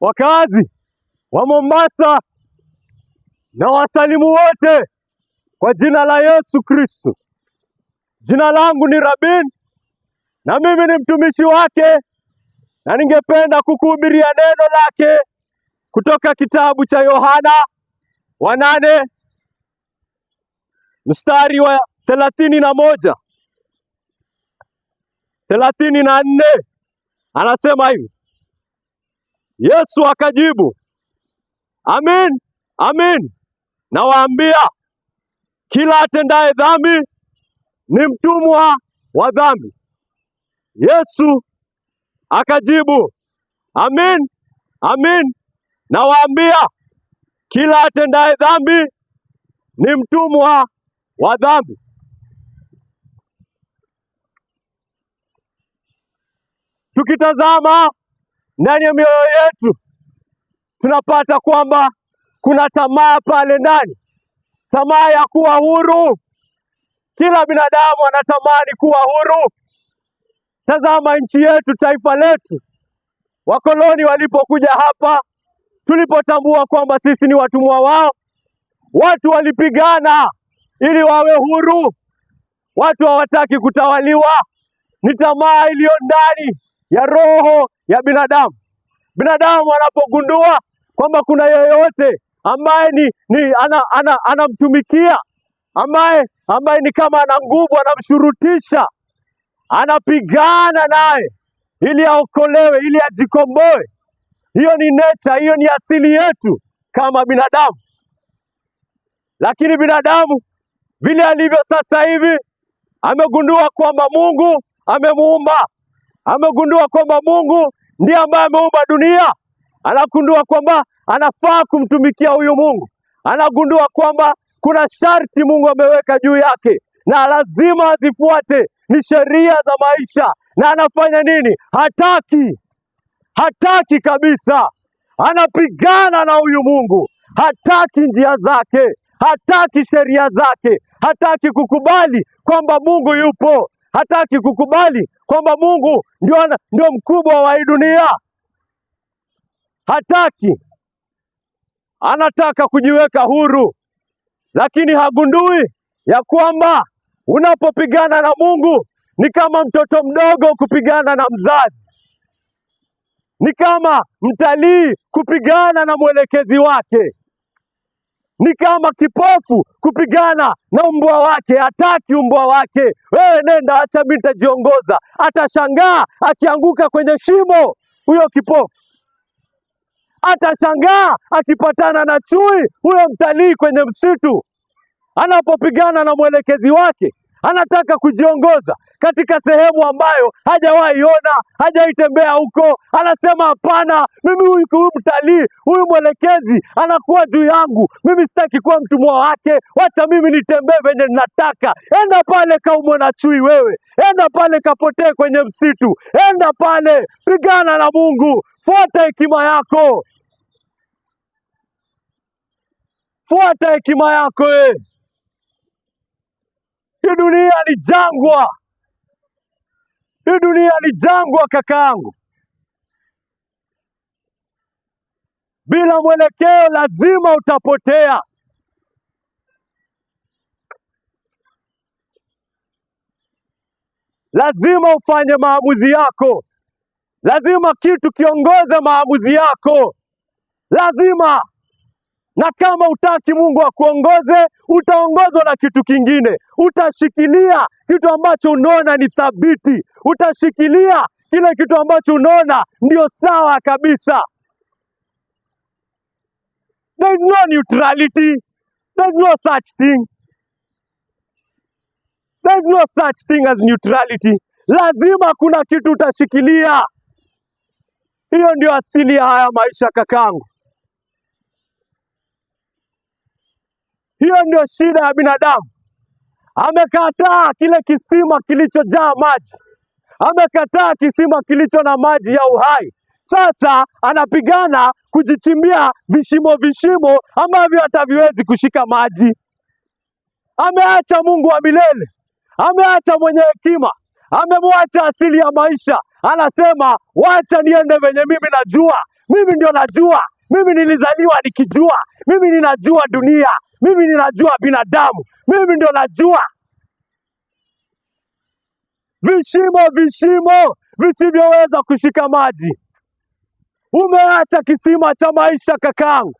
Wakazi wa Mombasa na wasalimu wote kwa jina la Yesu Kristo. Jina langu ni Rabin na mimi ni mtumishi wake, na ningependa kukuhubiria neno lake kutoka kitabu cha Yohana wa nane mstari wa thelathini na moja thelathini na nne anasema hivi Yesu akajibu, amin amin, nawaambia kila atendaye dhambi ni mtumwa wa dhambi. Yesu akajibu, amin amin, nawaambia kila atendaye dhambi ni mtumwa wa dhambi. Tukitazama ndani ya mioyo yetu tunapata kwamba kuna tamaa pale ndani, tamaa ya kuwa huru. Kila binadamu anatamani kuwa huru. Tazama nchi yetu, taifa letu, wakoloni walipokuja hapa, tulipotambua kwamba sisi ni watumwa wao, watu walipigana ili wawe huru. Watu hawataki kutawaliwa, ni tamaa iliyo ndani ya roho ya binadamu. Binadamu anapogundua kwamba kuna yoyote ambaye ni, ni anamtumikia ana, ana ambaye ambaye ni kama ana nguvu, anamshurutisha, anapigana naye ili aokolewe, ili ajikomboe. Hiyo ni nature, hiyo ni asili yetu kama binadamu. Lakini binadamu vile alivyo sasa hivi amegundua kwamba Mungu amemuumba amegundua kwamba Mungu ndiye ambaye ameumba dunia, anagundua kwamba anafaa kumtumikia huyu Mungu, anagundua kwamba kuna sharti Mungu ameweka juu yake na lazima azifuate, ni sheria za maisha. Na anafanya nini? Hataki, hataki kabisa, anapigana na huyu Mungu, hataki njia zake, hataki sheria zake, hataki kukubali kwamba Mungu yupo hataki kukubali kwamba Mungu ndio, ndio mkubwa wa hii dunia. Hataki, anataka kujiweka huru, lakini hagundui ya kwamba unapopigana na Mungu ni kama mtoto mdogo kupigana na mzazi, ni kama mtalii kupigana na mwelekezi wake ni kama kipofu kupigana na mbwa wake, hataki mbwa wake. Wewe nenda, acha mimi nitajiongoza. Atashangaa akianguka kwenye shimo huyo kipofu, atashangaa akipatana na chui huyo mtalii kwenye msitu, anapopigana na mwelekezi wake, anataka kujiongoza katika sehemu ambayo hajawahi hajaitembea huko. Anasema hapana, mimi huyu mtalii huyu mwelekezi anakuwa juu yangu, mimi sitaki kuwa mtumwa wake, wacha mimi nitembee venye ninataka. Enda pale kaumwe na chui wewe, enda pale kapotee kwenye msitu, enda pale pigana na Mungu, fuata hekima yako, fuata hekima yako. Ee. Hii dunia ni jangwa. Hii dunia ni jangwa kakaangu, bila mwelekeo lazima utapotea. Lazima ufanye maamuzi yako, lazima kitu kiongoze maamuzi yako, lazima na kama utaki Mungu akuongoze, utaongozwa na kitu kingine. Utashikilia kitu ambacho unaona ni thabiti, utashikilia kile kitu ambacho unaona ndio sawa kabisa. There is no neutrality, there is no such thing, there is no such thing as neutrality. Lazima kuna kitu utashikilia. Hiyo ndio asili ya haya maisha, kakangu. Hiyo ndio shida ya binadamu. Amekataa kile kisima kilichojaa maji, amekataa kisima kilicho na maji ya uhai. Sasa anapigana kujichimbia vishimo vishimo ambavyo hataviwezi kushika maji. Ameacha Mungu wa milele, ameacha mwenye hekima, amemwacha asili ya maisha. Anasema wacha niende venye mimi najua, mimi ndio najua. Mimi nilizaliwa nikijua, mimi ninajua dunia, mimi ninajua binadamu, mimi ndio najua vishimo, vishimo visivyoweza kushika maji. Umeacha kisima cha maisha kakangu,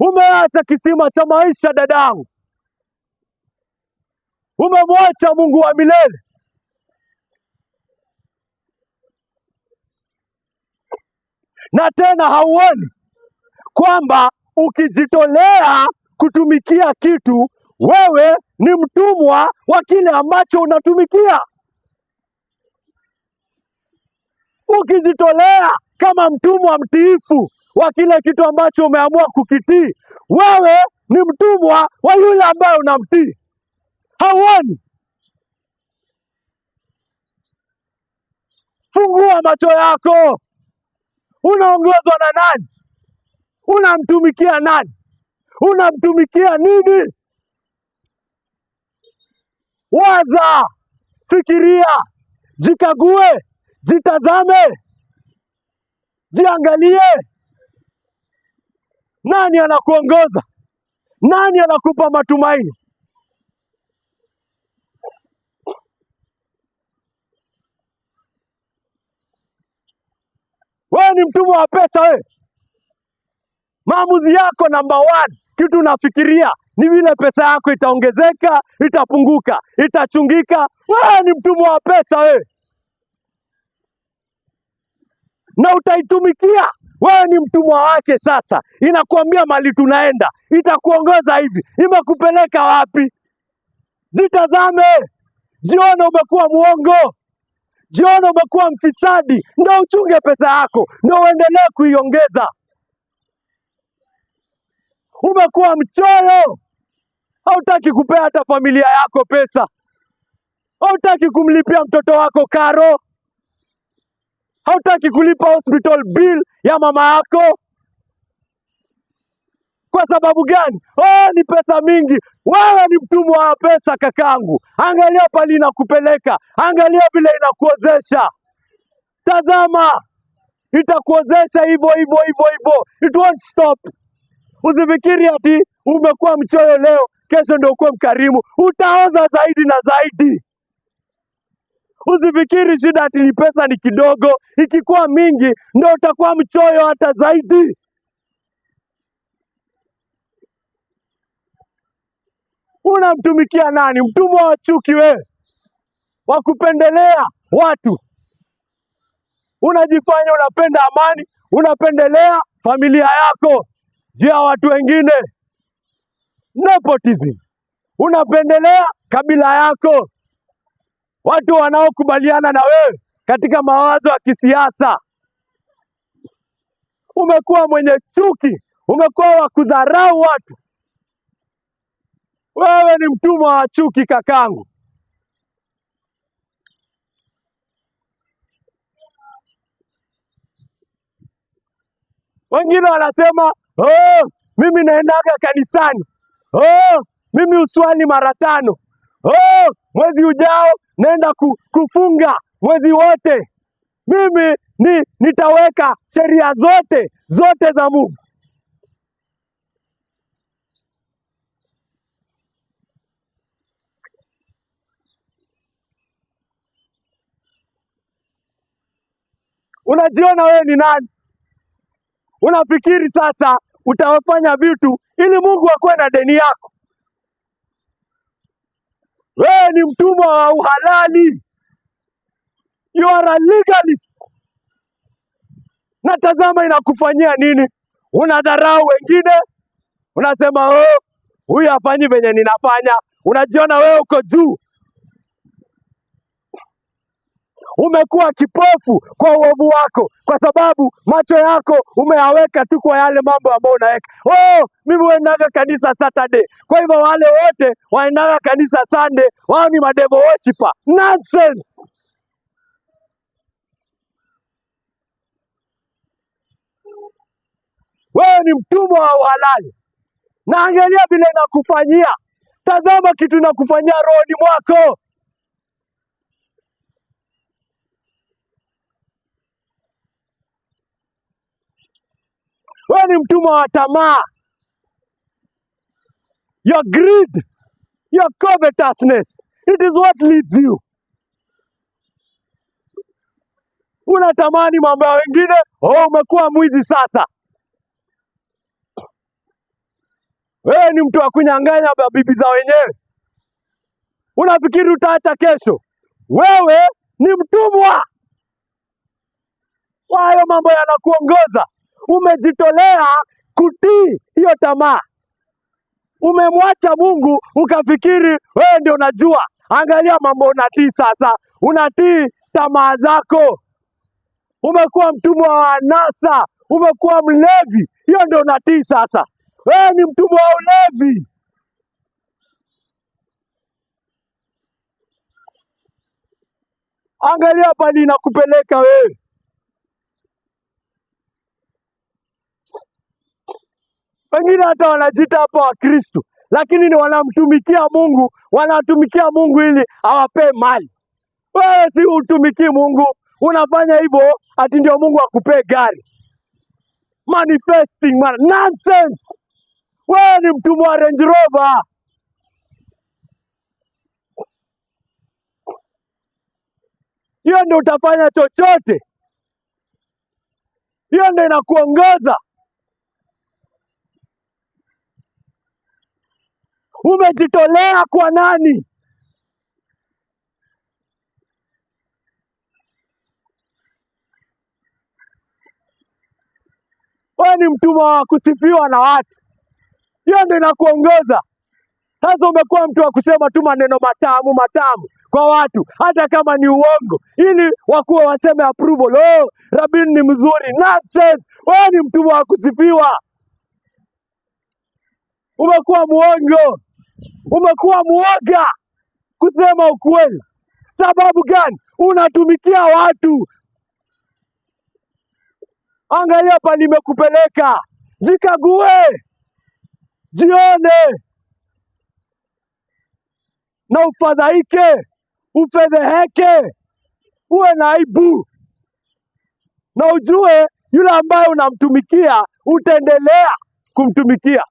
umeacha kisima cha maisha dadangu, umemwacha Mungu wa milele. na tena hauoni kwamba ukijitolea kutumikia kitu, wewe ni mtumwa wa kile ambacho unatumikia. Ukijitolea kama mtumwa mtiifu wa kile kitu ambacho umeamua kukitii, wewe ni mtumwa wa yule ambaye unamtii. Hauoni? Fungua macho yako. Unaongozwa na nani? unamtumikia nani? Unamtumikia nini? Waza, fikiria, jikague, jitazame, jiangalie. Nani anakuongoza? Nani anakupa matumaini? Wewe ni mtumwa wa pesa wewe? Maamuzi yako namba one, kitu unafikiria ni vile pesa yako itaongezeka, itapunguka, itachungika. Wewe ni mtumwa wa pesa wewe, na utaitumikia wewe ni mtumwa wake. Sasa inakuambia mali tunaenda, itakuongoza hivi, imekupeleka wapi? Jitazame, jione umekuwa mwongo, jione umekuwa mfisadi, ndio uchunge pesa yako, ndio uendelee kuiongeza. Umekuwa mchoyo, hautaki kupea hata familia yako pesa, hautaki kumlipia mtoto wako karo, hautaki kulipa hospital bill ya mama yako. Kwa sababu gani? Oh, ni pesa mingi. Wewe ni mtumwa wa pesa, kakangu. Angalia pali inakupeleka, angalia vile inakuozesha. Tazama, itakuozesha hivyo hivyo hivyo hivyo, it won't stop. Usifikiri ati umekuwa mchoyo leo, kesho ndio ukuwa mkarimu. Utaoza zaidi na zaidi. Usifikiri shida ati ni pesa ni kidogo, ikikuwa mingi ndio utakuwa mchoyo hata zaidi. Unamtumikia nani? Mtumwa wa chuki we, wa kupendelea watu. Unajifanya unapenda amani, unapendelea familia yako juu ya watu wengine. Nepotism, unapendelea kabila yako, watu wanaokubaliana na wewe katika mawazo ya kisiasa. Umekuwa mwenye chuki, umekuwa wa kudharau watu. Wewe ni mtumwa wa chuki, kakangu. Wengine wanasema oh, mimi naendaga kanisani oh, mimi uswali mara tano oh, mwezi ujao naenda ku, kufunga mwezi wote. Mimi ni, nitaweka sheria zote zote za Mungu. Unajiona wewe ni nani? Unafikiri sasa utawafanya vitu ili Mungu akuwe na deni yako. Wewe ni mtumwa wa uhalali, you are a legalist. Na tazama inakufanyia nini? Unadharau wengine, unasema oh, huyu hafanyi venye ninafanya. Unajiona wewe uko juu. Umekuwa kipofu kwa uovu wako, kwa sababu macho yako umeyaweka tu kwa yale mambo ambayo unaweka. Oh, mimi huendaga kanisa Saturday, kwa hivyo wale wote waendaga kanisa Sunday wao ni madevo worshipa. Nonsense. Wewe ni mtumwa wa uhalali, na angalia vile nakufanyia. Tazama kitu nakufanyia rohoni mwako. Wewe ni mtumwa wa tamaa, your greed, your covetousness, it is what leads you. Unatamani mambo ya wengine, oh, umekuwa mwizi sasa. Wewe ni mtu wa kunyang'anya bibi za wenyewe, unafikiri utaacha kesho? Wewe ni mtumwa, hayo mambo yanakuongoza umejitolea kutii hiyo tamaa, umemwacha Mungu ukafikiri wewe ndio unajua. Angalia mambo unatii sasa, unatii tamaa zako, umekuwa mtumwa wa anasa, umekuwa mlevi. Hiyo ndio unatii sasa, wewe ni mtumwa wa ulevi. Angalia pali inakupeleka wewe. wengine hata wanajiita hapa Wakristo, lakini ni wanamtumikia Mungu, wanatumikia Mungu ili awapee mali. Wewe si utumikii Mungu, unafanya hivyo ati ndio Mungu akupee gari. Manifesting man, nonsense! Wewe ni mtumwa wa Range Rover. Hiyo ndio utafanya chochote, hiyo ndio inakuongoza. Umejitolea kwa nani? Wewe ni mtumwa wa kusifiwa na watu, hiyo ndio inakuongoza sasa. Umekuwa mtu wa kusema tu maneno matamu matamu kwa watu, hata kama ni uongo, ili wakuwa waseme approval. Oh, Rabin ni mzuri. Nonsense! Wewe ni mtumwa wa kusifiwa, umekuwa mwongo. Umekuwa mwoga kusema ukweli. Sababu gani? Unatumikia watu. Angalia pa nimekupeleka, jikague, jione na ufadhaike, ufedheheke, uwe na aibu na ujue yule ambaye unamtumikia utaendelea kumtumikia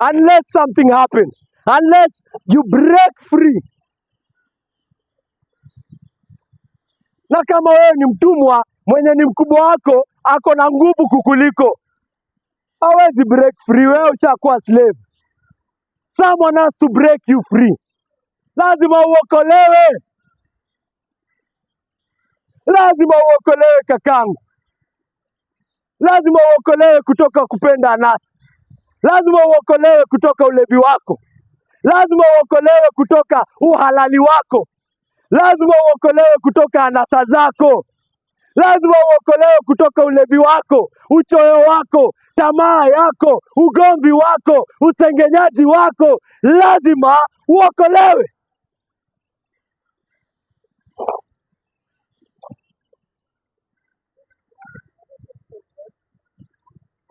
unless something happens, unless you break free. Na kama wewe ni mtumwa mwenye ni mkubwa wako ako na nguvu kukuliko, hawezi break free. Wewe ushakuwa slave, someone has to break you free. Lazima uokolewe, lazima uokolewe kakangu, lazima uokolewe kutoka kupenda anasa lazima uokolewe kutoka ulevi wako, lazima uokolewe kutoka uhalali wako, lazima uokolewe kutoka anasa zako, lazima uokolewe kutoka ulevi wako, uchoyo wako, tamaa yako, ugomvi wako, usengenyaji wako, lazima uokolewe.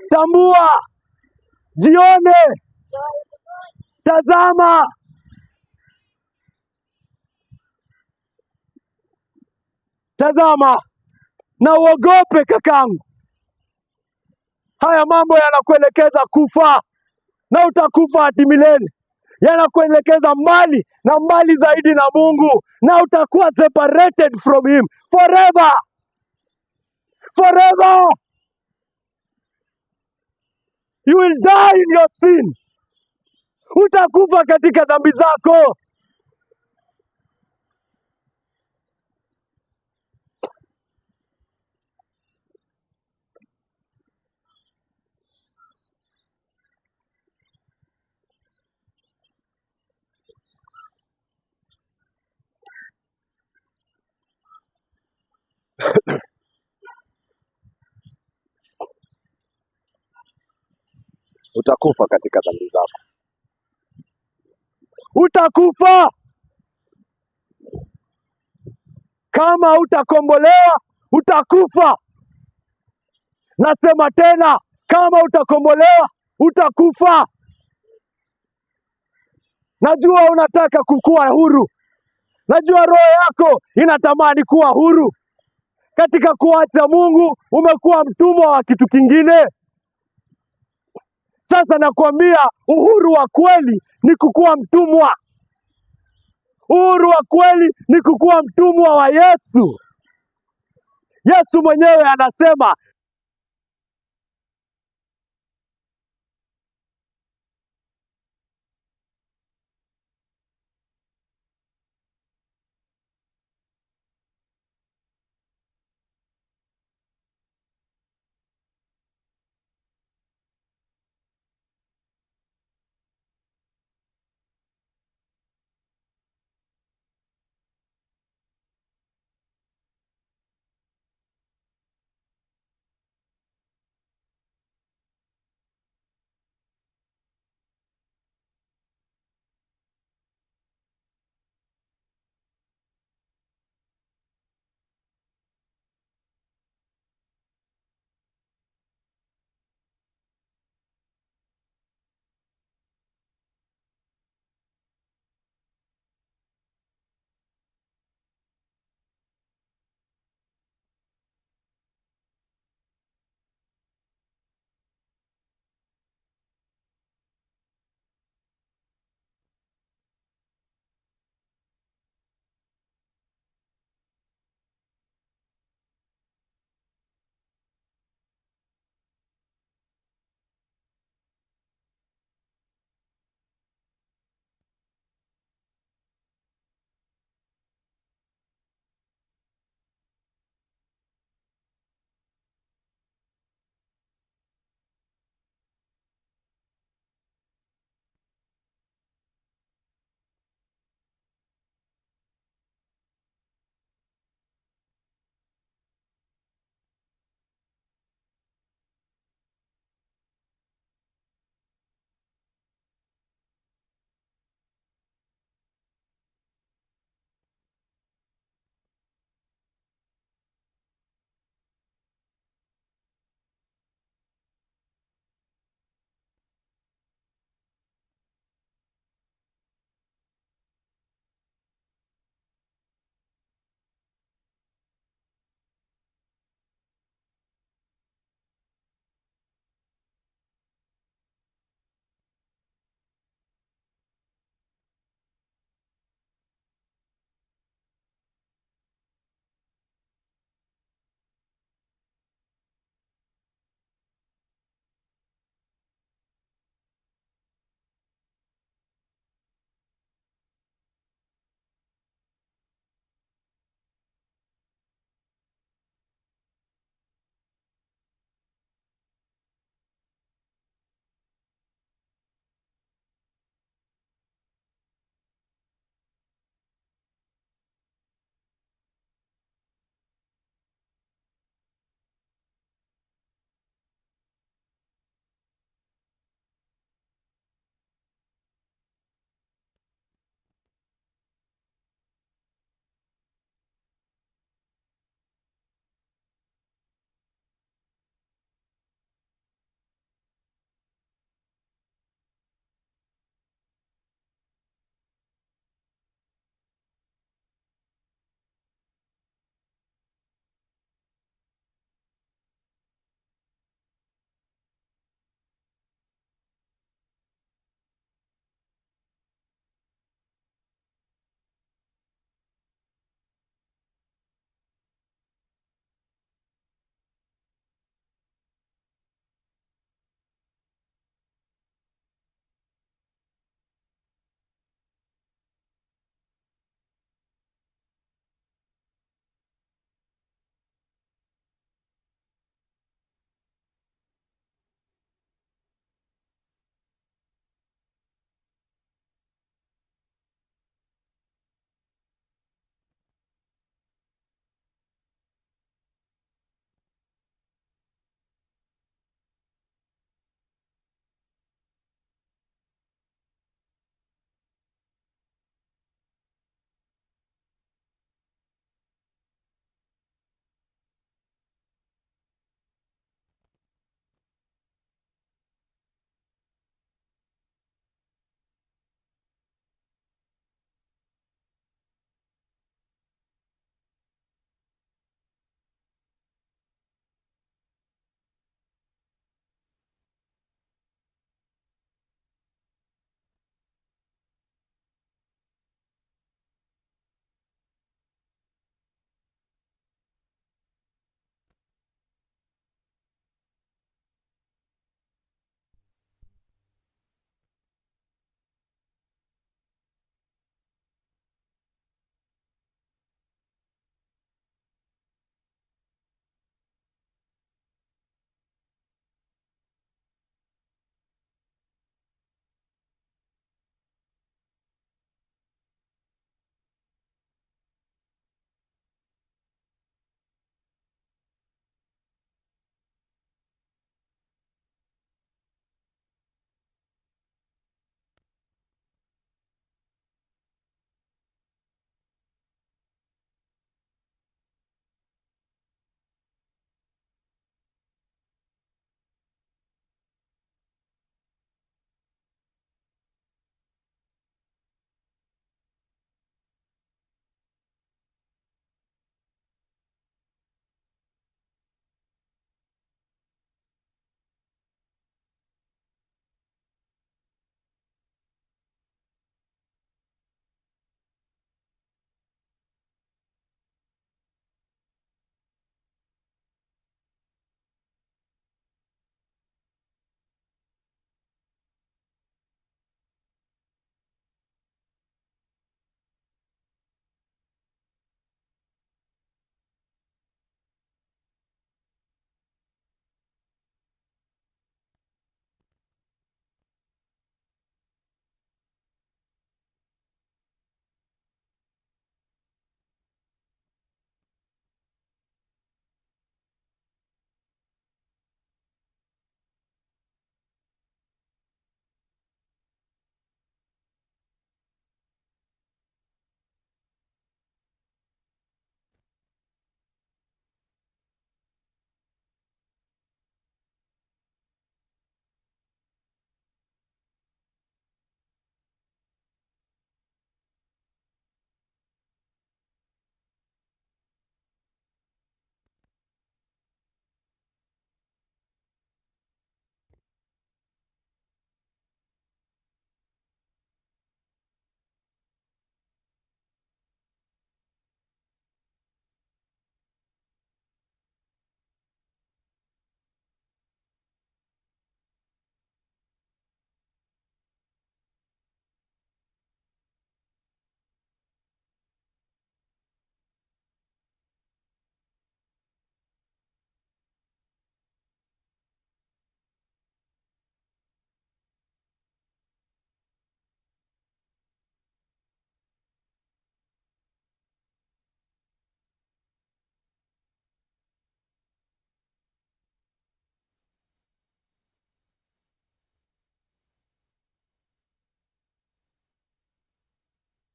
Tambua Jione, tazama tazama na uogope kakangu. Haya mambo yanakuelekeza kufa na utakufa hadi milele, yanakuelekeza mbali na mbali zaidi na Mungu, na utakuwa separated from him forever forever. You will die in your sin. Utakufa katika dhambi zako. utakufa katika dhambi zako, utakufa kama utakombolewa, utakufa. Nasema tena, kama utakombolewa, utakufa. Najua unataka kukua huru, najua roho yako inatamani kuwa huru. Katika kuacha Mungu, umekuwa mtumwa wa kitu kingine. Sasa nakwambia uhuru wa kweli ni kukuwa mtumwa. Uhuru wa kweli ni kukuwa mtumwa wa Yesu. Yesu mwenyewe anasema